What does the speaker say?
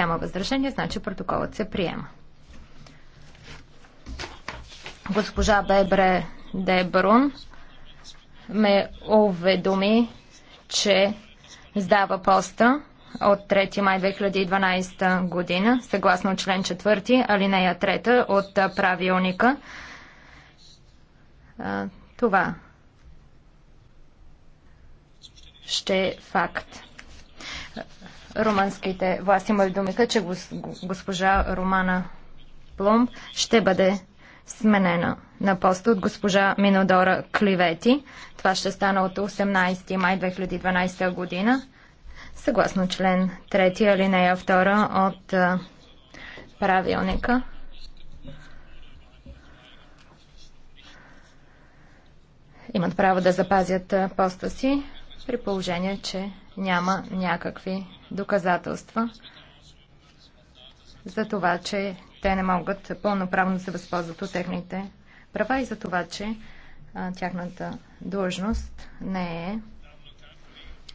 Няма възражение, значи протоколът се приема. Госпожа Бебре Дебрун ме уведоми, че сдава поста от 3 май 2012 година, съгласно член 4, алинея 3 от правилника. Това ще е факт румънските власти ме думите, че госпожа Романа Пломб ще бъде сменена на поста от госпожа Минодора Кливети. Това ще стане от 18 май 2012 година, съгласно член 3 алинея 2 от правилника. Имат право да запазят поста си при положение, че няма някакви доказателства за това, че те не могат пълноправно да се възползват от техните права и за това, че тяхната длъжност не е